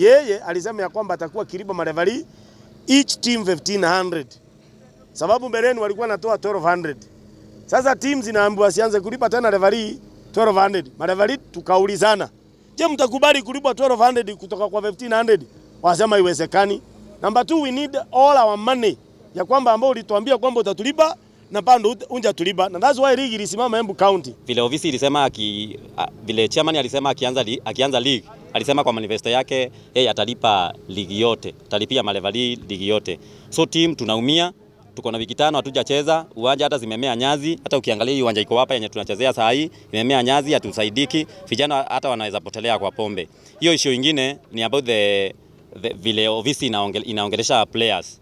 Yeye alisema ya kwamba atakuwa Kiriba Marevali each team 1500 sababu mbeleni walikuwa natoa 1200. Sasa team zinaambiwa sianze kulipa tena revali 1200. Marevali tukaulizana, je, mtakubali kulipa 1200 kutoka kwa 1500? Wasema iwezekani. Number 2 we need all our money ya kwamba ambao ulituambia kwamba utatulipa na bado unja tuliba na that's why league ilisimama Embu County. Vile ofisi ilisema aki, a, vile chairman alisema akianza li, akianza league alisema kwa manifesto yake yeye atalipa ligi yote, atalipia Malevali ligi yote. So team tunaumia, tuko na wiki tano hatujacheza, uwanja hata zimemea nyazi. Hata ukiangalia hii uwanja iko hapa yenye tunachezea saa hii imemea nyazi, hatusaidiki. Vijana hata wanaweza potelea kwa pombe. Hiyo issue nyingine ni about the, the vile ofisi inaongelesha players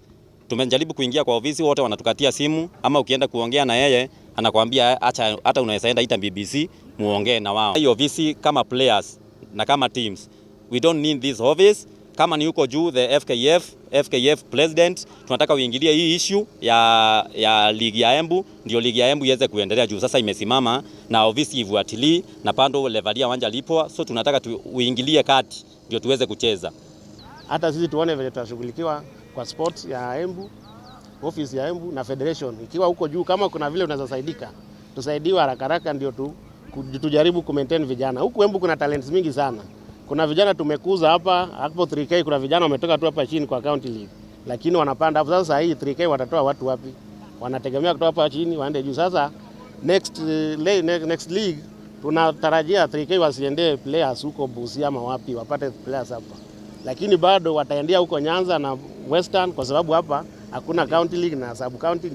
Tumejaribu kuingia kwa ofisi, wote wanatukatia simu, ama ukienda kuongea na yeye anakwambia acha, hata unaweza enda ita BBC muongee na wao. Hiyo ofisi kama players na kama teams, we don't need this office. Kama ni huko juu the FKF, FKF president, tunataka uingilie hii issue ya, ya ligi ya Embu, ndio ligi ya Embu iweze kuendelea juu sasa imesimama na ofisi ivuatilie na pando levalia wanja lipo, so tunataka tu, uingilie kati ndio tuweze kucheza hata sisi tuone vile tutashughulikiwa kwa sports ya Embu, office ya Embu na federation ikiwa huko juu, kama kuna vile unaweza saidika, tusaidiwe haraka haraka, ndio tu tujaribu ku maintain vijana huku Embu. Kuna talents mingi sana, kuna vijana tumekuza hapa hapo 3K, kuna vijana wametoka tu hapa chini kwa county league, lakini wanapanda hapo sasa. Hii 3K watatoa watu wapi? Wanategemea kutoka hapa chini waende juu. Sasa next, eh, next league tunatarajia 3K wasiende players huko Busia ama wapi, wapate players hapa lakini bado wataendea huko Nyanza na Western kwa sababu hapa hakuna county league na sub county